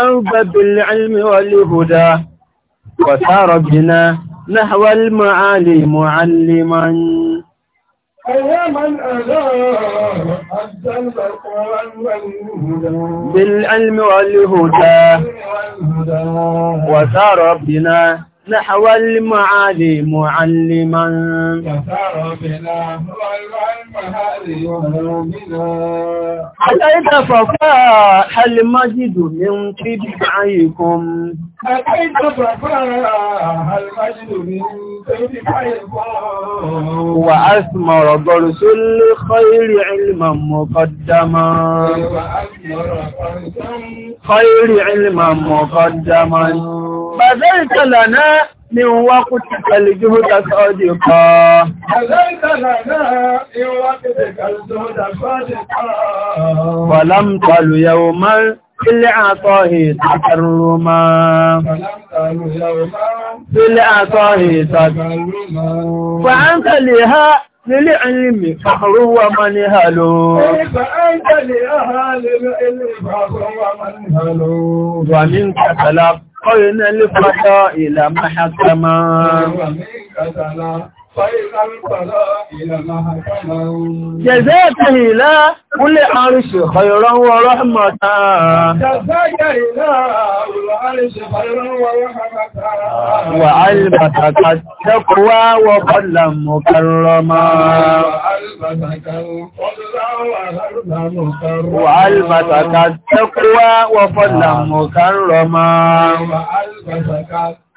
الثوب بالعلم والهدى وسار بنا نحو المعالي معلما بالعلم والهدى وسار بنا نحو المعالي معلما كثر بنا أتيت ففاح المجد من تبعيكم أتيت ففاح المجد من تبعيكم وأثمر درس الخير علما مقدما خير علما مقدما بذلت لنا من وقتك الجهد صادقا بذلت لنا من وقتك الجهد صادقا ولم تل يوما في العطاء تكرما في العطاء تكرما فأنت لها Nílé alìmì fàró wà máa ní àlò. Wà ní kàtàlá, kọ́ جزاك إلى كل عرش خيرا ورحمة جزاك إلى كل عرش خيرا ورحمة وعلمتك التقوى وفضلا مكرما وعلمتك التقوى وفضلا مكرما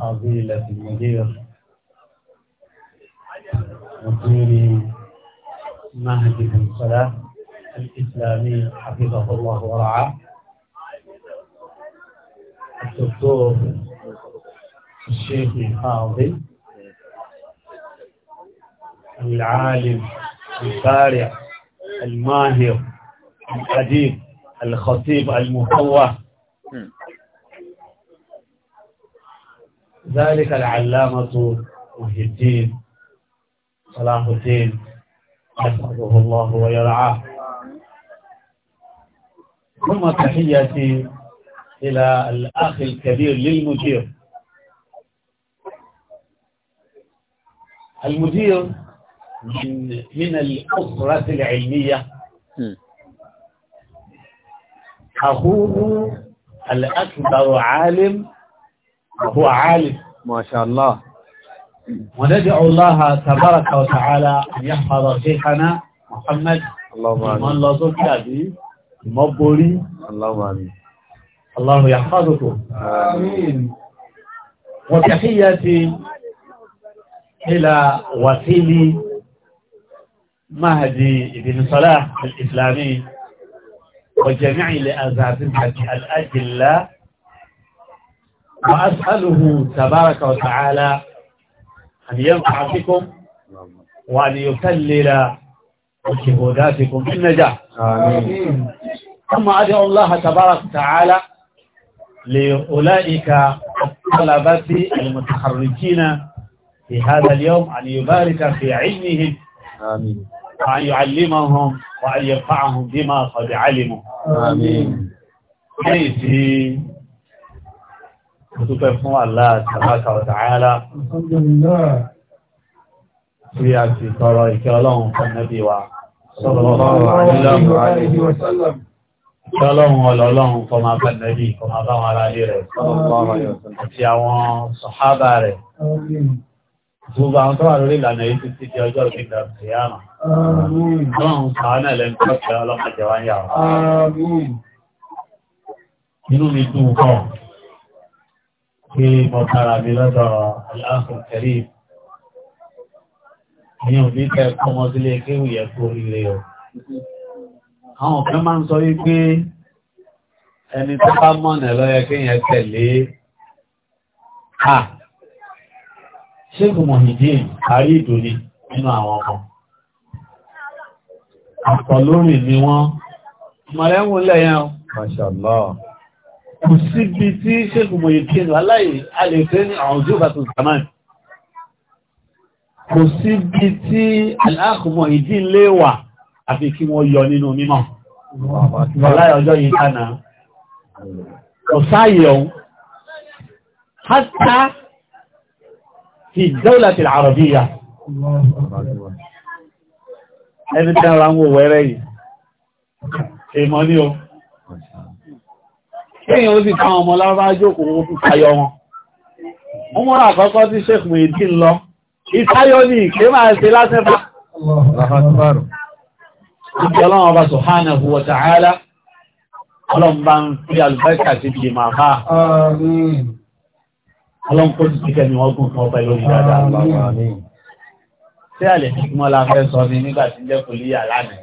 فضيلة المدير مدير مهد الصلاة الإسلامي حفظه الله ورعاه الدكتور الشيخ الفاضل العالم البارع الماهر الأديب الخطيب المفوه ذلك العلامة محي الدين صلاح الدين يحفظه الله ويرعاه ثم تحيتي إلى الأخ الكبير للمدير المدير من من الأسرة العلمية أخوه الأكبر عالم وهو عالم ما شاء الله وندعو الله تبارك وتعالى أن يحفظ شيخنا محمد اللهم الله لازم كابي مبوري اللهم آمين الله يحفظكم آمين وتحيتي إلى وسيلي مهدي بن صلاح الإسلامي وجميع الأزابين الأجلاء وأسأله تبارك وتعالى أن ينفع بكم وأن يكلل شهوداتكم بالنجاح آمين ثم أدعو الله تبارك وتعالى لأولئك الطلبة المتخرجين في هذا اليوم أن يبارك في علمهم آمين وأن يعلمهم وأن يرفعهم بما قد علموا آمين حيث Àtúpẹ́ fún Allah Tabaraka wa Ta'ala. Tí a ti tọrọ ìkẹ́ ọlọ́run fún Nábì wa. Sallallahu alaihi wa sallam. Ìkẹ́ ọlọ́run ọlọ́run fọmọ abẹ́ Nábì, fọmọ abẹ́ wọn ara lé rẹ̀. Sallallahu alaihi wa sallam. Àti àwọn sọ̀hábà rẹ̀. Gbogbo àwọn tó wà lórí ìlànà yìí títí di ọjọ́ ìgbìgbà ìyáàmà. Ọlọ́run sàánà lẹ́nu tó ṣe ọlọ́mọdé wáyà. Inú mi dùn kọ́ tí mo tara mi lọ́dọ̀ aláàfin kẹrí ní òbí kẹ kọmọ sílé kéwù yẹ kó ríre o àwọn kan máa ń sọ wípé ẹni tó bá mọ̀nà lọ́yẹ kéèyàn tẹ̀lé ha ṣéèkù mọ̀hìdín kárí ìdòní nínú àwọn ọmọ ọ̀pọ̀ lórí ni wọ́n mọ̀lẹ́wùn lẹ́yìn Masha Allah kò síbi tí ṣékù mọ̀ ìkéèlú aláì alẹ́fẹ́ ní àwọn ojú bàtò zaman kò síbi tí aláàkùnmọ̀ ìdí lè wà àfi kí wọ́n yọ nínú mímọ̀ láì ọjọ́ yìí kánà kò sáàyè ohun hátà fi dọ́là ti àrọ̀bíyà ẹni tẹ́ra ń wò wẹ́rẹ́ yìí èèmọ́ ní o kíyàn ó sì táwọn ọmọ lárúbá jókòó wọn fún tayọ wọn wọ́n mọ́ra àkọ́kọ́ tí Sheikh Muhyiddin lọ ìtayọ ní ìké máa ṣe lásẹ́fà ìjọ ọlọ́run ọba subhanahu wa ta'ala ọlọ́run bá ń fi àlùbáríkà sí ibi máa ha ọlọ́run kó ti tí a lè fi mọ́ la sọ ní nígbà jẹ́ kò líyà lánàá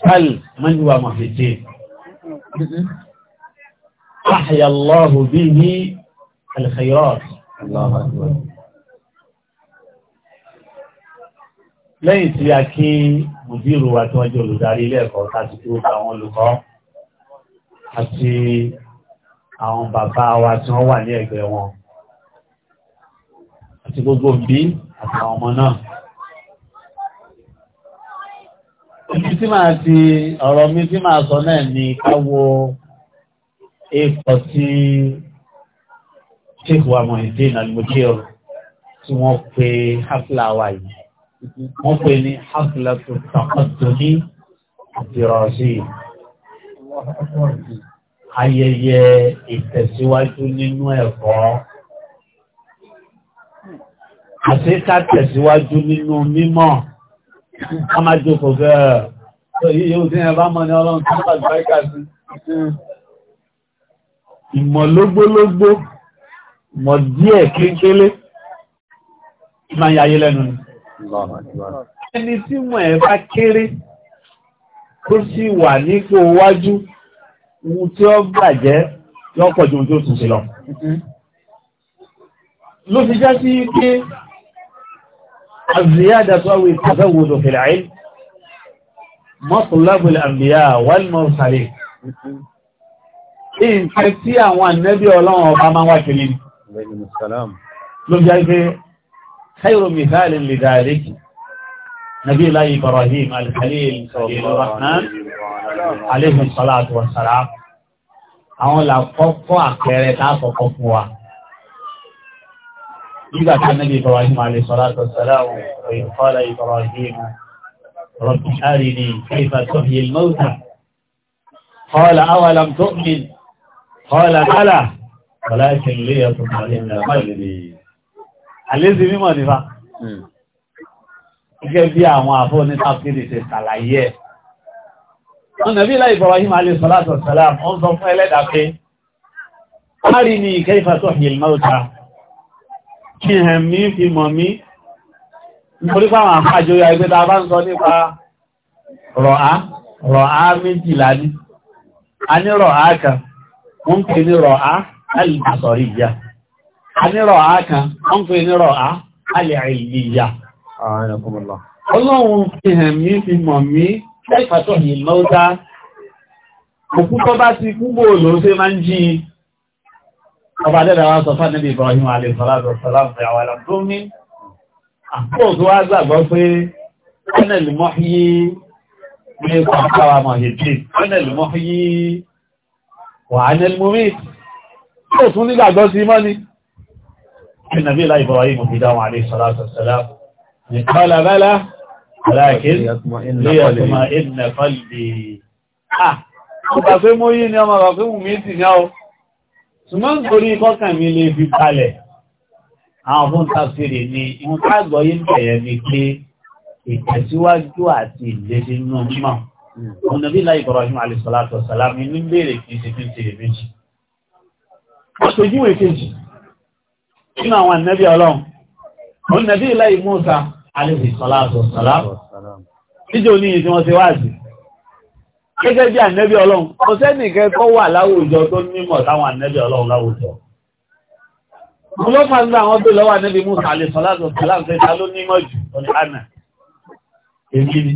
sal mọ́júwà mọ̀ fi jẹ́ أحيا الله به الخيرات الله أكبر lẹ́yìn tí a kí mùdírù wa tí wọ́n jẹ́ olùdarí ilé ẹ̀kọ́ láti dúró àwọn olùkọ́ àti àwọn bàbá wa tí wọ́n wà ní ẹgbẹ́ wọn àti gbogbo òbí àti àwọn ọmọ náà tí máa ti ọ̀rọ̀ mi tí máa sọ náà ni káwo ikọ̀ tí ṣéèkù wa mọ̀hìndé nàlùmọ́jẹ́ ọ̀rọ̀ tí wọ́n pe hafla wa yìí wọ́n pe ní hafla tó takọ́tò ní ìrọ̀sí ayẹyẹ ìtẹ̀síwájú nínú ẹ̀kọ́ àti ká tẹ̀síwájú nínú mímọ̀ ká má jókòó bẹ́ẹ̀. Yóò tí ẹ bá mọ́ ní ọlọ́run tó bá gbáríkà sí. Ìmọ̀ lógbólógbó, mọ̀ díẹ̀ kéńkélé, máa yáyé lẹ́nu ni. Ẹni tí mọ̀ ẹ kéré, tó sì wà nípò wájú, ohun tí ó bàjẹ́ lọ́pọ̀ jù tó tún sí lọ. Ló fi já sí pé, àzìyá àdàtọ́ àwọn ìtàfẹ́ wo mọ́tòlábùlẹ̀ àmìyà wàlmọ̀sàlẹ̀ nǹkan tí àwọn ànẹ́bí ọlọ́run ọba máa wá kìlì ló jẹ́ pé khayru mithali li dhalik nabiyullah ibrahim al-khalil rahman alayhi salatu wa salam àwọn làkọ́kọ́ àpẹẹrẹ táàkọ́kọ́ fún wa nígbàtí ànẹ́bí ibrahim رب أرني كيف تحيي الموتى قال أولم تؤمن قال بلى ولكن ليطمئن قلبي àlésì mímọ̀ nífà gẹ́gẹ́ bí àwọn àfọ́ ní tàbílì ṣe ṣàlàyé ẹ̀ ọ̀nà bí láì Ibrahim alayhi salatu wa salam ó ń sọ fún ẹlẹ́dà pé arini kayfa tuhyi al-mawta kí hẹ̀mí fi mọ̀ mí Nítorí fáwọn àfáàjò ya ẹgbẹ́ ta bá ń sọ nípa rọ̀á, rọ̀á méjìlá ní. A ní rọ̀á kan, wọ́n pè ní rọ̀á alìbàsọ̀ríyà. A ní rọ̀á kan, wọ́n pè ní rọ̀á alìrìlìyà. Ọlọ́run fi hàn mí fi mọ̀ mí lẹ́fàtọ̀ ní mọ́ta. Òkú tó bá ti kúgbò ló ṣe máa ń jí ọba dẹ́dàwà sọ fánilì Ibrahim alaihi àpò tó wá gbàgbọ́ pé ọ́nẹ̀lì mọ́híyí ní pàtàwà mọ̀hìdì ọ́nẹ̀lì mọ́híyí wà ánẹ́lì mú mìí tó tún nígbàgbọ́ sí mọ́ ni ìnàbí ilá Ibrahim ìdáwọn àdé sọ́lá ṣùgbọ́n torí kọ́kàn mi lè fi balẹ̀ àwọn fún tafsiri ni ìwọ̀n káàgbọ́ yìí bẹ̀rẹ̀ ní pé ìtẹ̀síwájú àti ìlẹ́sí inú mímọ̀ òun nàbí láì Ibrahim alayhi salatu wa salam ní bèèrè kì í ṣe kí n ṣe méjì ọ̀ṣojúwé kejì nínú àwọn ànábì ọlọ́run òun nàbí láì Musa alayhi salatu wa salam níjẹ́ òní yìí tí wọ́n ti wáàzì gẹ́gẹ́ bí ànábì ọlọ́run kò sẹ́nìkẹ́ tó wà láwùjọ tó nímọ̀ táwọn ànábì ọlọ́run láwùjọ Ọlọ́pàá ń gbà wọ́n tó lọ́wà níbi Musa lè sọ láti ọ̀sẹ̀ láti ẹta ló ní mọ́ jù ọ̀nà àmà. Èmi ni,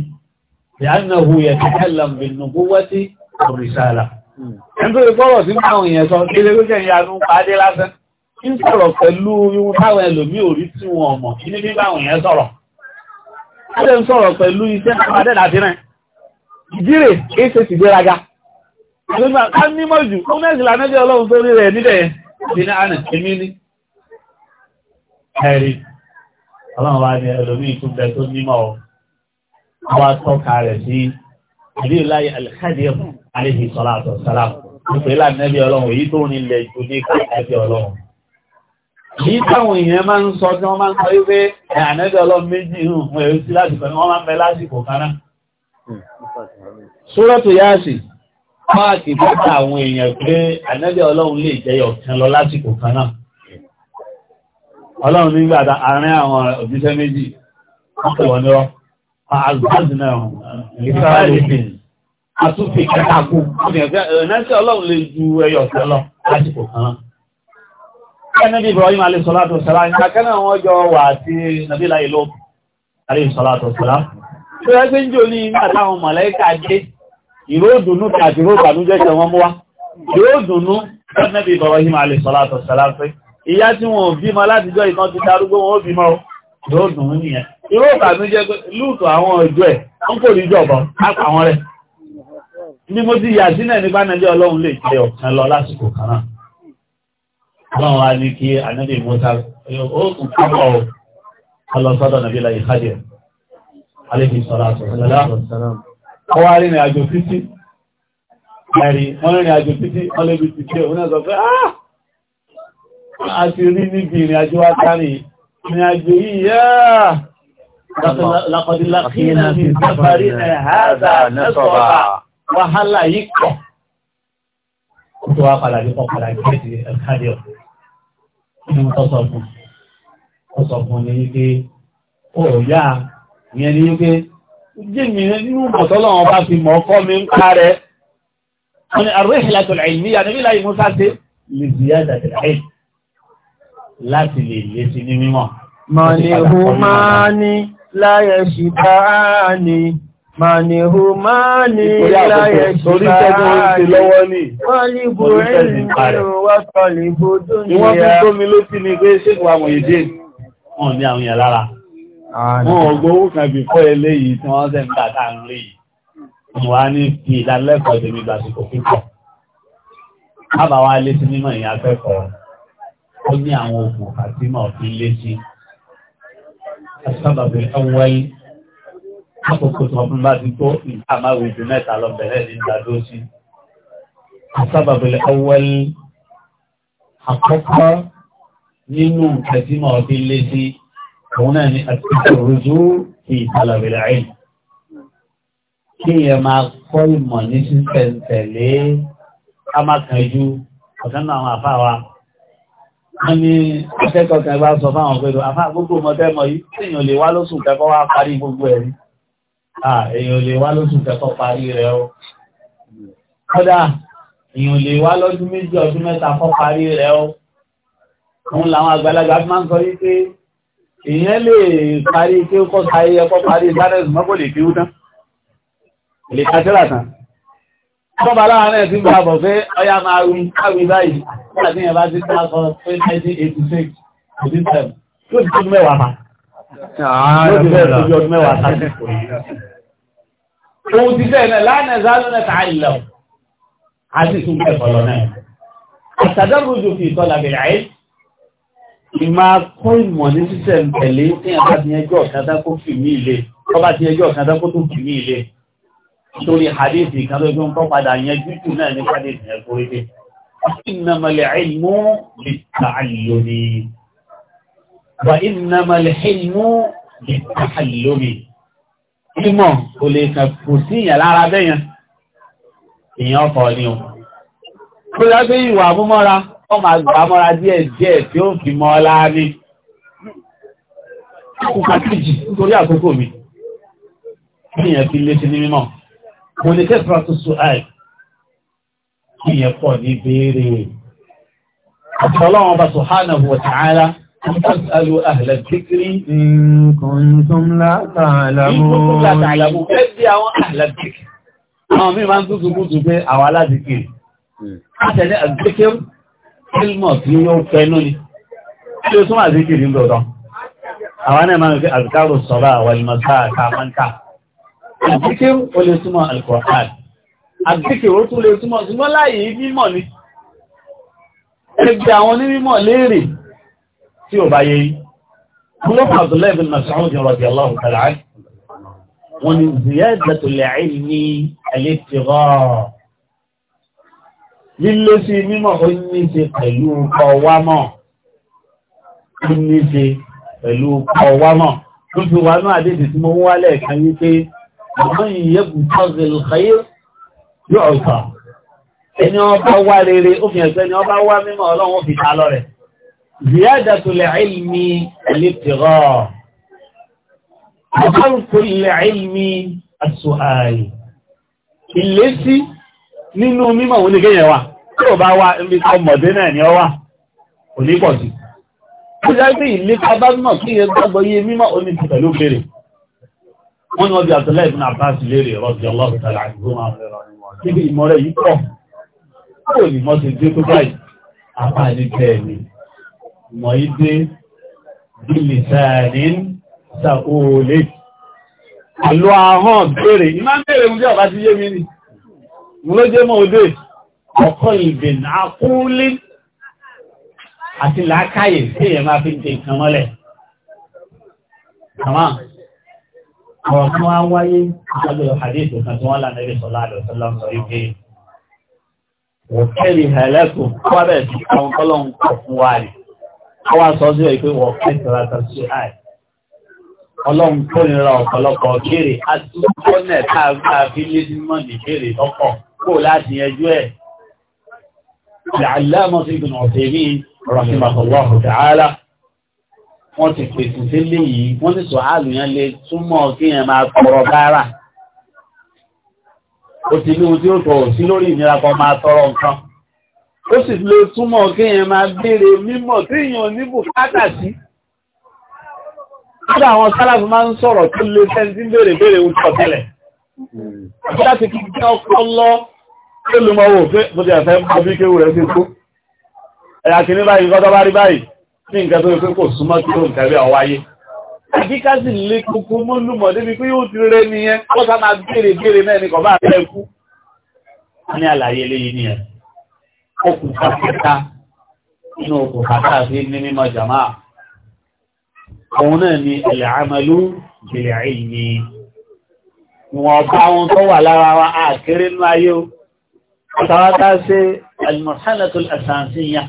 ìyáná hu yẹ ti kẹ́làm bí nùgbó wẹ́tí òrìṣàlà. Ẹn tó ìgbọ́rọ̀ sí máa èèyàn sọ kí lè rúkẹ́ ìyanu pàdé lásán. Ń sọ̀rọ̀ pẹ̀lú ihun táwọn ẹlòmí orí tí wọn mọ̀ kí ní bí báwọn èèyàn sọ̀rọ̀. Adé ń ẹ̀rí ọlọ́run wa ni ẹlòmíì tún bẹ tó nímọ̀ ọ́ àwa tọ́ka rẹ̀ sí àdéhùláyé alikadir alayhi salatu wassalam ìpè lànàbí ọlọ́run èyí tó ní ilẹ̀ jù ní kàkàbí ọlọ́run èyí táwọn èèyàn máa ń sọ tí wọ́n máa ń sọ wípé ànàbí ọlọ́run méjì hù wọ́n èyí sí lásìkò ni wọ́n máa ń bẹ lásìkò kan náà Súrọ́tù Yáàsì, máa kìí fún àwọn èèyàn pé ànàbí ọlọ́run lè jẹyọ̀ kan lọ lásìkò kan ọlọ́run nígbàtà àárín àwọn òjíṣẹ́ méjì wọ́n lọ àgbàdìnà ìfẹ́lẹ́fẹ́ àtúnfẹ́ kẹtàkù ẹ̀nẹ́sẹ̀ ọlọ́run lè ju ẹyọ tẹ́lọ lásìkò kan kẹ́nẹ́bí Ibrahim alẹ́sọ́látọ̀ sẹ́lá ń kẹ́nà wọ́n jọ wà àti nàbílá ìlú alẹ́sọ́látọ̀ sẹ́lá tó ẹgbẹ́ ń jò ní àtàwọn mọ̀lẹ́kà dé ìró dùnú tàbí ìró ìbànújẹ́ tẹ̀wọ́n mú wá ìró dùnú kẹ́nẹ́bí Ibrahim alẹ́sọ́látọ̀ sẹ́lá pé ìyá tí wọn ò bímọ látijọ́ ìtàn ti darúgbó wọn ó bímọ yóò dùn ún nìyẹn irú ìbànújẹ́ lúùtù àwọn ọjọ́ ẹ̀ ń kò ní jọ̀bọ̀ lápá wọn rẹ̀ ní mo ti yà sílẹ̀ ní bánàjẹ́ ọlọ́run lè jẹ ọ̀kan lọ lásìkò kan náà ọlọ́run wá ní kí ànábì mọ́ta ó kù púpọ̀ ọlọ́sọ́dọ̀ nàbí láyé kájẹ̀ alẹ́bí sọ́lá ọwá rìnrìn àjò títí wọ́n rìnrìn àjò títí ọlẹ́bí títí òun náà sọ pé ah a ti rí níbi ìrìn àjò àtàrí ìrìn àjò yìí yá lápàdìlákínà ní sáfàrí ẹ̀hádà nẹ́sọ̀rọ̀ wàhálà yìí kọ̀ tó wá padà ní ọ̀padà gẹ́ẹ̀dì ẹ̀kádì ọ̀pọ̀ inú tọ́sọ̀fún tọ́sọ̀fún ní wípé ó yá ìyẹn ní wípé jíìmì nínú mọ̀tọ́lọ́wọ́n bá fi mọ̀ ọkọ́ mi ń kárẹ̀ wọ́n ni àrùn ìhìlẹ̀ àtọ̀lẹ̀ ìmíyà níbi láì lè ziyádà tẹ̀lẹ̀ láti lè lé sí ní mímọ̀. Màníhù máa ní láyẹ̀ ṣìbá ní. Màníhù máa ní láyẹ̀ ṣìbá ní. Wọ́n lè bò ẹ̀yìn wá sọ̀lẹ̀ bò tó ní ẹ̀. Ìwọ́n fi tómi ló sí ni pé ṣé kò àwọn èdè wọn ní àwọn èèyàn lára. Wọ́n ọgbọ́n owó kan bí fọ́ eléyìí tí wọ́n sẹ́ ń gbà tá à ń rí yìí. Wọ́n á ní ìdánilẹ́kọ̀ọ́ tèmi gbàsìkò Ábà wa lé sí mímọ̀ ìyá ó ní àwọn òkùnfà tí màá fi lé sí. Àṣàbàbí ọwọ́yí, àkókò tó ọdún bá ti tó ìdámáwé ju mẹ́ta lọ bẹ̀rẹ̀ ní ìdádó sí. Àṣàbàbí ọwọ́yí, àkọ́kọ́ nínú nǹkan tí màá fi lé sí, òun náà ni àtúntò rújú fi ìtàlàbí láì. Kí ẹ máa kọ́ ìmọ̀ ní sísẹ̀ntẹ̀lé, ká má kánjú, ọ̀sán náà àwọn àfáà wa wọ́n ní akẹ́kọ̀ọ́ kan bá sọ fáwọn pẹ̀lú àfá gbogbo mọ̀tẹ́mọ̀ yìí èèyàn lè wá lóṣù kẹ́kọ́ wá parí gbogbo ẹ̀rí èèyàn lè wá lóṣù kẹ́kọ́ parí rẹ̀ o kódà èèyàn lè wá lọ́dún méjì ọdún mẹ́ta kọ́ parí rẹ̀ o òun làwọn àgbàlagbà fi máa ń sọ yí pé èèyàn lè parí kí ó kọ́ sáyé ẹkọ́ parí ìdárẹ̀sùn mọ́kò lè fi ó tán lè kájọ́lá tán Ọba láàárín ẹ̀sìn bá bọ̀ pé ọya máa rú káwí báyìí láti ẹ̀bá ti sáàkọ́ 1986 ọdún tẹ̀m tó ti tún mẹ́wàá máa. Ohun ti fẹ́ náà láàárín ẹ̀sán lónà tààlọ̀ àti tún kẹfọ́ lọ́nà. Àtàdọ́rù jù fi ìtọ́lá bẹ̀rẹ̀ ayé. Ìmá kọ́ ìmọ̀ ní sísẹ̀ ń tẹ̀lé tí ẹ̀bá ti ẹjọ́ ọ̀kadá kó fì mí ilé. Ọba ti ẹjọ́ ọ̀kadá kó tó fì mí ilé sórí hadith kan ló fi ń kọ́ padà yẹn jújù náà ní hadith yẹn kó rí pé إنما العلم بالتعلم وإنما الحلم بالتحلم ìmọ̀ kò lè kàn kò sí ìyàn lára bẹ́yàn èèyàn ọkọ̀ ni o kó yá pé ìwà múmọ́ra ọ máa gbà mọ́ra díẹ̀ díẹ̀ tí ó fi mọ́ ọlá ní kùkàkìjì nítorí àkókò mi ìyàn fi lé sí ní mímọ̀ mo lè kẹ́fà tó sùn àì kí yẹn pọ̀ ní béèrè ọ̀pọ̀lọ́wọ́n bá subhanahu wa ta'ala Fọ́sàlù àhìlẹ̀ tíkiri. Nǹkan tó ń látàlàmú. Nǹkan tó ń látàlàmú. Ẹ bí àwọn àhìlẹ̀ tíkiri. Àwọn mí máa ń tútù kútù pé àwọn aládìkiri. Látẹ̀lẹ́ Àdíkìr ó lè túmọ̀ Al-Qur'an. Àdíkìr ó tún lè túmọ̀ súnmọ́ láyé mímọ̀ ní. Ẹgbẹ́ àwọn onímọ̀ léèrè tí ò bá yẹ yìí. Ọlọ́pàá Abdullahi bin Mas'ud radiyallahu ta'ala anhu. Wọ́n ni ziyadatul ilmi al-ibtighaa. Lílé sí mímọ̀ ó ṣe pẹ̀lú ọwámọ̀. Ó ní fi wà náà àdéjì tí mo wọ́n wálẹ̀ kan wípé ومن يبتغي الخير يعطى ẹni ọba wá rere ó fi ẹ̀sẹ́ ni ọba wá mímọ̀ ọlọ́run ó fi ta lọ rẹ̀ ziyadatul ilmi al-ibtigha àbárùkùn ilẹ̀ ilmi as-su'al ìlésí nínú mímọ̀ òun ní kéyẹ̀ wà tí ó bá wá ibi ọmọdé náà ni ọ wà onípọ̀sí ó jẹ́ wọ́n ni wọ́n bí Abdullahi ibn Abbas léèrè rọ́bí ọlọ́run tààrà àgbóhùn àwọn ẹ̀rọ níbi ìmọ̀rẹ̀ yìí pọ̀ kúrò ní mọ́ ti dé tó báyìí apá ní tẹ́ẹ̀mì mọ̀ í dé bílì sáàní sàóòlé àlò ahọ́n béèrè ìmá béèrè mú jẹ́ ọ̀bá àti làákàyè sí èèyàn máa fi ń tẹ ìkan mọ́lẹ̀ àwọn tó wá wáyé ìjọba hadith kan tí wọ́n là nẹ́bí sọ láàrẹ ọ̀sọ́lá sọ wípé wọ̀kẹ́rì ẹ̀lẹ́kùn kọ́bẹ̀ sí àwọn tọ́lọ́n kọ̀ fún wa rẹ̀ wọ́n wá sọ sí ẹ̀ pé wọ̀kẹ́ tọ́látà sí àì ọlọ́run tó nira ọ̀pọ̀lọpọ̀ kéré àti ọ̀nà káàgbà fi lé ní mọ́ndì kéré lọ́pọ̀ kó láti yanjú ẹ̀ làlámọ́sí ìgbìmọ̀ ọ̀sẹ̀ yìí rọ̀ṣìmọ̀ wọ́n ti pèsè sílé yìí wọ́n sì sọ àlùyàn lè túmọ̀ kí yẹn máa tọrọ báárà ó ti ní ohun tí ó tọ̀ sí lórí ìnira kan máa tọrọ nǹkan ó sì lè túmọ̀ kí yẹn máa béèrè mímọ̀ tí èèyàn ní bùkátà sí kódà àwọn sálàfù máa ń sọ̀rọ̀ tó lè tẹ́ntí béèrè béèrè ohun tọ̀ tẹ́lẹ̀ kódà ti kí kí ọkọ lọ kí olùmọ̀wò pé mo ní nǹkan tó pé kò súnmọ́ tí ó nǹkan bí ọwọ́ ayé àdíkásì lè kókó mọ́lùmọ̀ débi pé yóò ti rẹ̀ nìyẹn ó sá máa béèrè béèrè náà ní kọ̀ bá rẹ̀ kú ní àlàyé léyìn nìyẹn okùnfà kẹta inú okùnfà káàfi ní mímọ̀ jàmá òun náà ni ẹ̀lẹ̀ àmàlú ìbìlẹ̀ ìní wọ́n bá wọn tó wà lára wa àkéré nú ayé ó tàwátá sí alìmọ̀sánlẹ̀tò àsànsíyàn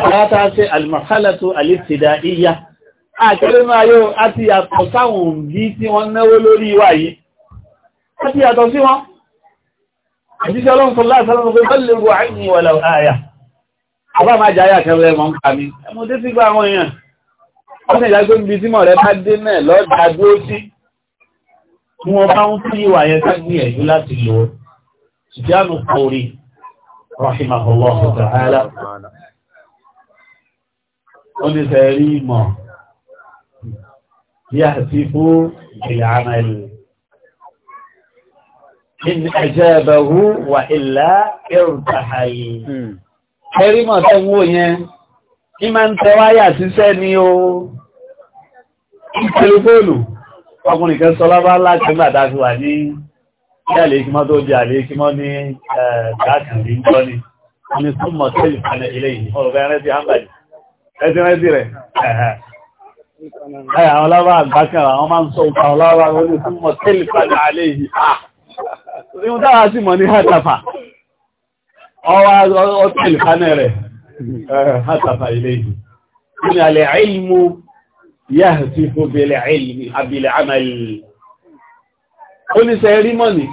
àbáta ṣe alìmọ̀kálẹ̀tò àlèsìdá iya àkẹrẹ máa yóò àti yàtọ̀ sáwọn bí tí wọ́n náwó lórí wà yìí àti yàtọ̀ sí wọn àjíṣẹ́ ọlọ́run Wọ́n bá ń fi ìwà yẹn sáàgbìyànjú láti lò ó. Ṣìjánù kò rí, Rahimahullah Ta'ala ó ní sẹ́rí ìmọ̀ yà sí fún ìlànà ìlú in ẹ̀jẹ̀bẹ̀hú wà ìlà ìrùtàhàlì ẹ̀rí mọ̀ tẹ́wọ́ yẹn ní máa ń tẹwáyà síṣẹ́ ní o tẹlifóònù ọkùnrin kan sọ lábá láti gbàdá fi wà ní ìyàlẹ̀ ìkímọ́ tó jẹ́ àlẹ́ ìkímọ́ ní ẹ̀ẹ́dàkàrí ń tọ́ ni wọ́n ni súnmọ̀ tẹ́lifóònù ẹ̀tí rẹ́sì rẹ̀ ẹ̀hẹ̀ àwọn lábá àgbákẹ́ra wọ́n máa ń sọ ìpa ọlábá orí fún mọ̀ tẹ́lì padà alẹ́ yìí ìwọ̀n dára sí mọ̀ ní hátàfà ọwá ọtẹ́lì padà rẹ̀ hátàfà ilé yìí ní alẹ́ ilmu yáàtí fún bẹ̀lẹ̀ ilmi abilẹ̀ amali oníṣẹ́ rímọ̀nì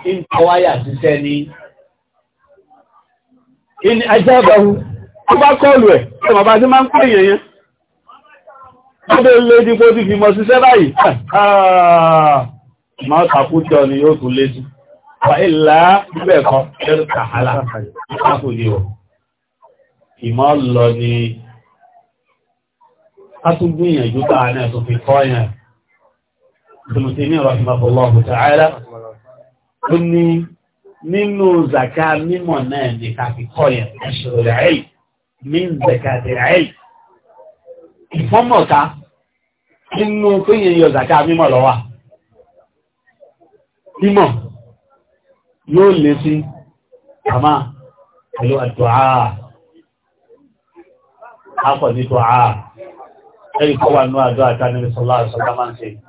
ń ó bá kọlù ẹ̀ ẹ̀mọ̀ bá tí máa ń pè èèyàn yẹn ọdún ilé ìdípo ti fi mọ̀ síṣẹ́ báyìí máa tàkútì ọ ni yóò tún léjú wà ìlà bíbẹ̀ kan ẹ̀rù kàhálà ìpákòlè ọ̀ ìmọ̀ lọ ni a tún gbìyànjú táà náà tó fi kọ́ nínú zaka mímọ̀ náà ní ká fi kọ́ yẹn ẹ̀ṣọ̀rọ̀ rẹ̀ min zakati ẹ̀yí ìfọ́mọ̀ta nínú péyìn yọ zaka mímọ̀ lọ́wà mímọ̀ yóò lè sí àmá pẹ̀lú àdúà akọ̀ ní dùá ẹ̀rí kọ́ wà ní àdúà tánàrí sallallahu alaihi wasallam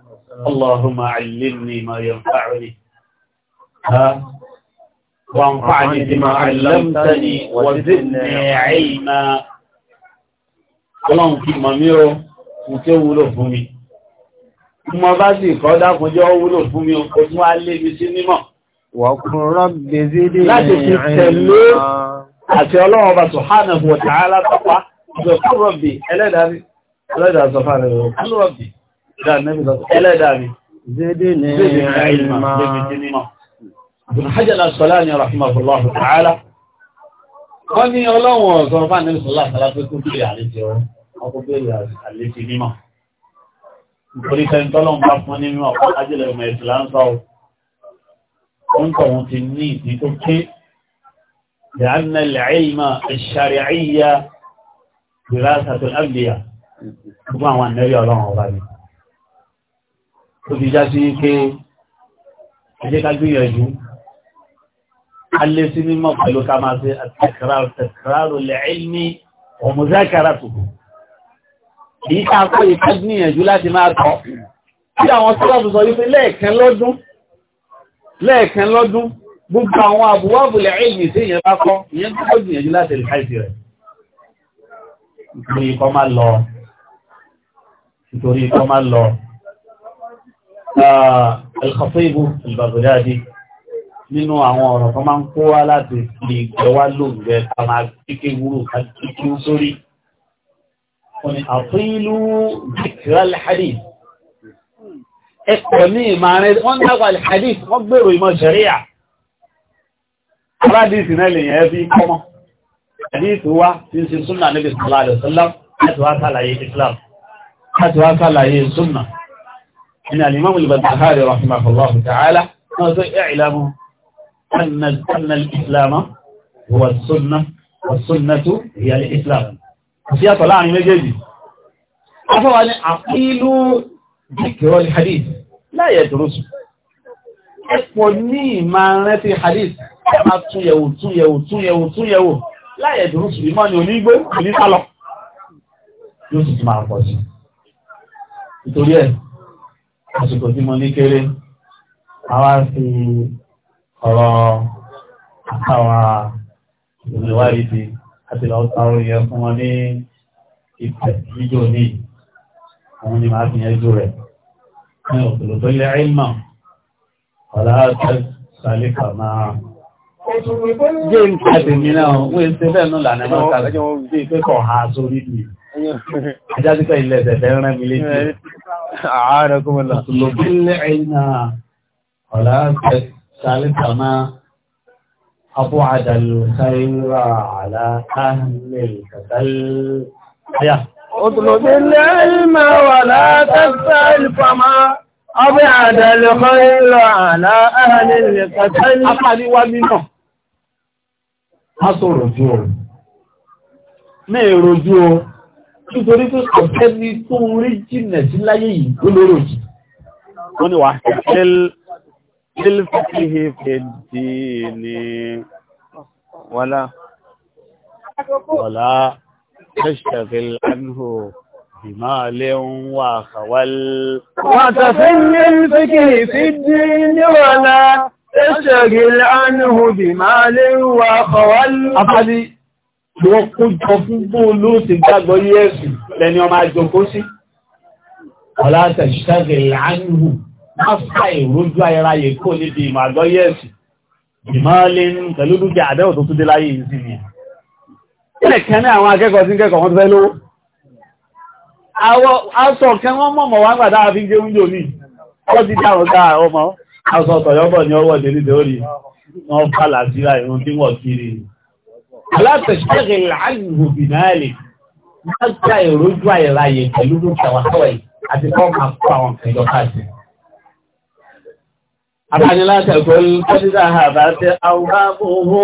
Allahumma 'allimni ma yanfa'uni وانفعني بما علمتني وزدني علما ọlọ́run kí mọ̀ mí o kò tí ó wúlò fún mi mọ́ bá sì kọ́ dákùnjẹ́ ó wúlò fún mi o tún wá lé mi sí mímọ̀ láti fi tẹ̀lé àti ọlọ́run bá sọ̀hánà bò tààlá tọ́pá ìjọkúrọ̀bì ẹlẹ́dàrí ẹlẹ́dàrí sọ̀fánà rẹ̀ Ìbùnàhájàlá sọ́lá ni rahimahullahu ta'ala. Wọ́n ní ọlọ́run ọ̀sán fà ní sọ́lá sọ́lá pé kó bèèrè àlejò ọkọ̀ bèèrè àlejò mímọ̀. Nítorí tẹ́ntọ́lọ́n bá fún nínú ọ̀pọ̀ ajílẹ̀ ọmọ ìsìlá ń sọ لأن العلم الشرعية دراسة الأنبياء. Gbogbo àwọn ànẹ́rí ọlọ́run ọba ni. Ó ti já alẹ́ sí mímọ̀ pẹ̀lú ká máa ṣe àtẹ̀kárò lẹ́ẹ̀lì ọmọdákàrà tó èyí ká kọ́ ìtẹ́jú níyànjú láti máa tọ́ tí àwọn sọ́lọ́bù sọ wípé lẹ́ẹ̀kan lọ́dún lẹ́ẹ̀kan lọ́dún gbogbo àwọn àbúwábù lẹ́ẹ̀lì sí ìyẹn bá kọ́ ìyẹn tó gbìyànjú láti nínú àwọn ọ̀rọ̀ tó máa ń kó wá láti lè jẹ wá lóògbé ká máa kíké wúrò ká kíké sórí. Wọ́n ni àfihìlú Bikral Hadith. Ẹkọ̀ ní ìmàrin wọ́n dágbà Hadith wọ́n gbèrò ìmọ̀ Sharia. Aládìsì náà lè yẹn fi kọ́mọ́. Hadith wá tí ń sin Súnà níbi Sallallahu Alaihi Wasallam láti wá sàlàyé Islam. Láti wá sàlàyé Súnà. Ìnà Imam al-Barbahari rahimahullahu ta'ala. Wọ́n sọ أن أن الإسلام هو السنة والسنة هي الإسلام في طلع من جدي أفوى عقيل ذكر الحديث لا يدرس أفوني ما في حديث كما تيو تيو تيو تيو لا يدرس بما يليق بالصلاة يوسف ما أفوش nítorí ẹ̀ àsìkò tí mo ní kéré àwa fi ọ̀rọ̀ àtàwà ìwádìí ti àti lọ sáré yẹ fún wọn ní ìpẹ̀ jíjò ní àwọn ni máa fi yẹn jù rẹ̀ ní òkèlò tó lẹ́ ìmọ̀ ọ̀lá sálíkà máa jẹ́ ìpàdé mi náà wọ́n ń ṣe bẹ́ẹ̀ nù lànà ẹ̀mọ́ sàrẹ́jọ́ wọ́n fi pé kọ̀ ha sórí mi ajásíkọ̀ ilẹ̀ ẹ̀sẹ̀ rẹ̀ mi létí ààrẹ kọ́mọ̀lá ثالثا أبعد الخير على أهل الكسل يا اطلب العلم ولا تسأل فما أبعد الخير على أهل الكسل أقل ومنه Aṣòrò jú o, mẹ́ẹ̀rọ jú o, nítorí tó sọ̀tẹ́ ní tó ń rí jìnà sí láyé yìí tó lórò jì. Wọ́n ni wà ṣẹ̀ṣẹ́lẹ̀ بالفقه في الدين ولا ولا تشتغل عنه بمال وخول وتفني الفقه في الدين ولا تشتغل عنه بمال وخول أبدي wọ́n kó jọ fún bóòlù ti gbàgbọ́ yẹ́sù lẹ́ni ọmọ àjọkó sí má fà ìrójú ayẹráyè kó níbi ìmàgbọ́ yẹ́ẹ̀sì ìmọ́lé ń pẹ̀lú dúkìá àdẹ́wò tó tún láyé yìí ni ilẹ̀ kẹ́ ní àwọn akẹ́kọ̀ọ́ sí kẹ́kọ̀ọ́ wọ́n fẹ́ lówó aṣọ kẹ́ wọ́n mọ̀mọ̀ wá gbàdá àfi jẹ́ oúnjẹ òní ọwọ́ ti dáhùn dáa ọmọ aṣọ tọ̀yọ́bọ̀ ní ọwọ́ délé lórí wọ́n fàlà sí ìrùn tí wọ́n kiri alátẹ̀ṣẹ́gẹ̀ láàrùn bìnáàlì máa ń ta àti kọ́ máa kó àwọn kẹjọ káàkiri Àbáni látẹ̀kọ́ kọ́dídà àbá tí àwọ́ bóhó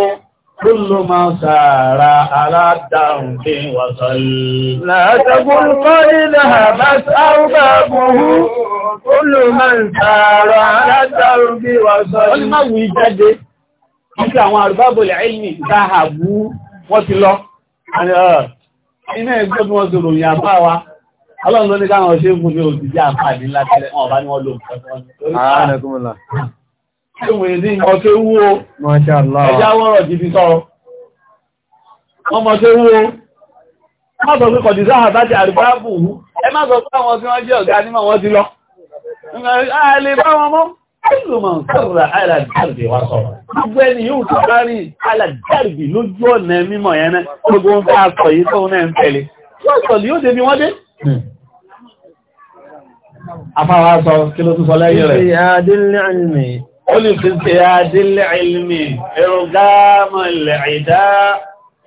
kúlù máa sàárà aládàrùn bí wàsọ̀lì. Látẹ̀kọ́ kọ́dídà àbá tí àwọ́ bóhó kúlù máa sàárà aládàrùn bí wàsọ̀lì. Wọ́n ni máa wù í jáde, nígbà Ọlọ́run ló ní káwọn ṣe ń fún ní òjìjẹ́ àǹfààní ńlá tẹ́lẹ̀ wọn bá ní wọ́n lò nǹkan Ìlúmọ̀ sọ́rọ̀ àìlàdàrbì wá sọ̀rọ̀. Gbogbo ẹni yóò tó bá rí àìlàdàrbì lójú ọ̀nà mímọ̀ yẹn náà, gbogbo ń fẹ́ àkọ̀ yìí tó náà ń tẹ̀lé. Wọ́n sọ̀lú yóò débi wọ́n dé? afáwà sọ kí ló tún sọ lẹ́yìn rẹ̀. olùfisì adílẹ̀ ilmi irúgámọ̀ lẹ̀ẹ́dá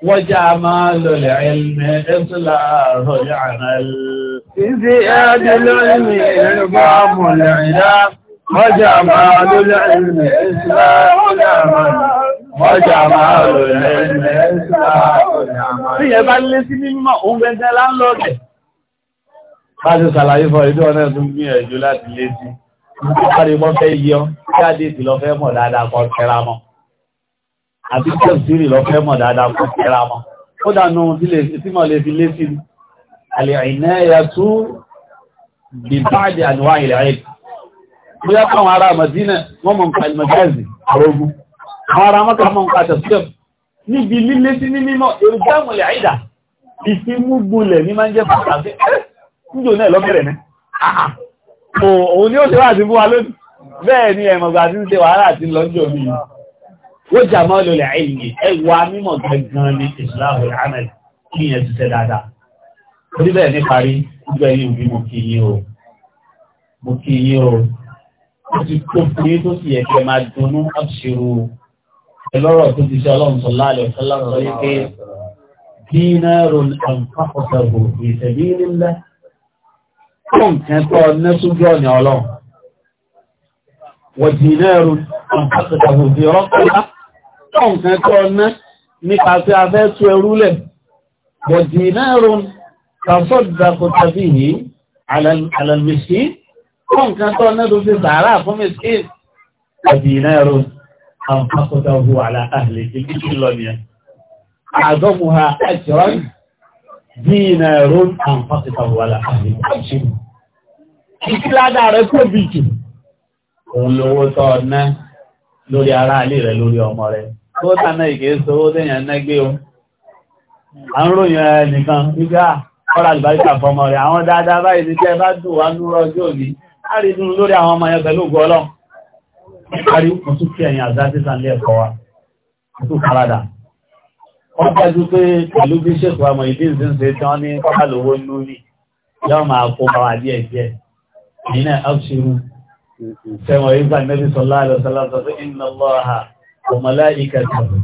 wọ́jà máa lọlẹ̀ ilmi ẹ́sùlá rọ̀lẹ̀ àmàlì. Ìsí adílẹ̀ ilmi irúgámọ̀ lẹ̀ẹ́dá wọ́jà máa lọlẹ̀ ilmi ẹ́sùlá rọ̀lẹ̀ àmàlì. Ọjà máa lọlẹ̀ ilmi ẹ́sùlá rọ̀lẹ̀ àmàlì. Bájú ṣàlàyé fọ ìdí ọ̀nà tún gbìyànjú láti létí. Nítorí wọ́n fẹ́ yọ kí àdéhìí lọ fẹ́ mọ̀ dáadáa kan kẹra mọ́. Àti kẹ́sìrì lọ fẹ́ mọ̀ dáadáa kan kẹra mọ́. Ó dànù tí mọ̀ lè fi létí. Àlè àìná ẹ̀yà tú bìbáàdì àníwá ilẹ̀ ayé. Bóyá káwọn ará Màdínà wọ́n mọ̀ nǹkan àlùmọ̀gáàzì àrógún. Àwọn ará mọ́ta mọ̀ nǹkan àtẹ̀síọ̀. Níbi lílétí ní mímọ́ èròjà mọ̀lẹ̀ àìdà. Ìfimúgbulẹ̀ ní máa ń jẹ́ pàtàkì níjò náà lọ́bẹ̀rẹ̀ ní ah, ah. òun ni ó ṣe wà sí fún wa lónìí bẹ́ẹ̀ ni ẹ̀mọ̀gbà tí ń ṣe wàhálà àti lọ́jọ́ mi ó jà mọ́ lọ́lẹ̀ àìyí ẹwà mímọ̀ gangan ní ìsìláàbù ìhámẹ́ kí yẹn ti ṣe ìṣẹ̀bí nílẹ̀ fún nǹkan tó ní sójú ọ̀nà ọlọ́run wọ̀dì náírù àpapẹ̀tàbò di ọlọ́pàá fún nǹkan tó ní nípa tí a fẹ́ tú ẹrú lẹ̀ wọ̀dì náírù tàṣọ́dàkò tàbí yìí alàmìsí fún nǹkan tó ní tó fi sàárà fún mìsí wọ̀dì náírù dínàrún àǹfàṣìtàwàlà àṣìṣìṣì. Ìkíládà rẹ̀ kó bí jù. Òun lówó tọ́ ọ̀nà lórí ara alé rẹ̀ lórí ọmọ rẹ̀. Tó tánà ìkẹ́ sówó tẹ́yàn ná gbé o. A ń ròyìn ẹ nìkan nígbà ọ̀rọ̀ àlùbáríkà fọmọ rẹ̀. Àwọn dáadáa báyìí ní tẹ́ bá dùn wá ní ọjọ́ òní. A rí dùn lórí àwọn ọmọ yẹn pẹ̀lú ògùn ọlọ́run. Ìparí òkùn tún kí ẹ̀yìn àzá wọ́n dájú pé pẹ̀lú bí ṣètò àmọ̀ ìdín sí ń ṣe tán ní pàlówó lórí yọ́ máa kó bàwà díẹ̀ díẹ̀ nínú ọ̀ṣirú sẹ́wọ̀n ìgbà nẹ́bí sọlá àlọ́sọlá sọ pé iná lọ́ha ọmọlá ìkẹtàbù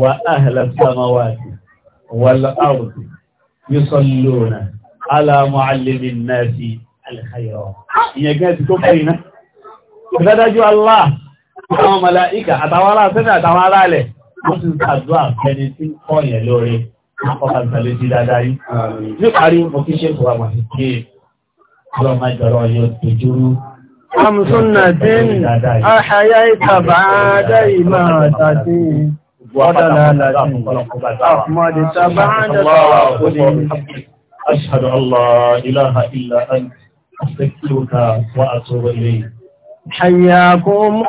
wà áhẹ̀lẹ̀ sàmọ́wàtì wàlá àrùtì yusalluna ala muallimin àwọn màláíkà àtàwọn ará àtàwọn ará ó sì ń ṣàdúrà tí kọ́ yẹn lórí akọ́kọ́ ìgbàlẹ̀ dáadáa yìí. níparí mo kí ṣe fún àwọn àṣìṣe ọlọ́mọ ìjọrọ yóò dojúrú. amúsùnà tí ń àṣàyà ìtàbà dá ìmọ̀ àtàtì ọ̀dàlà àlàjì